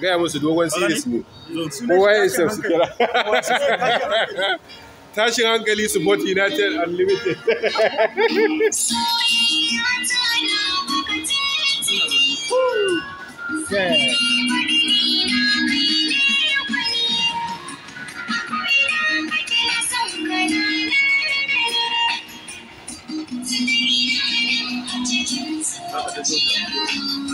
gaya musu dogon series ne kowa ya isa su kira tashin hankali support united unlimited Thank you.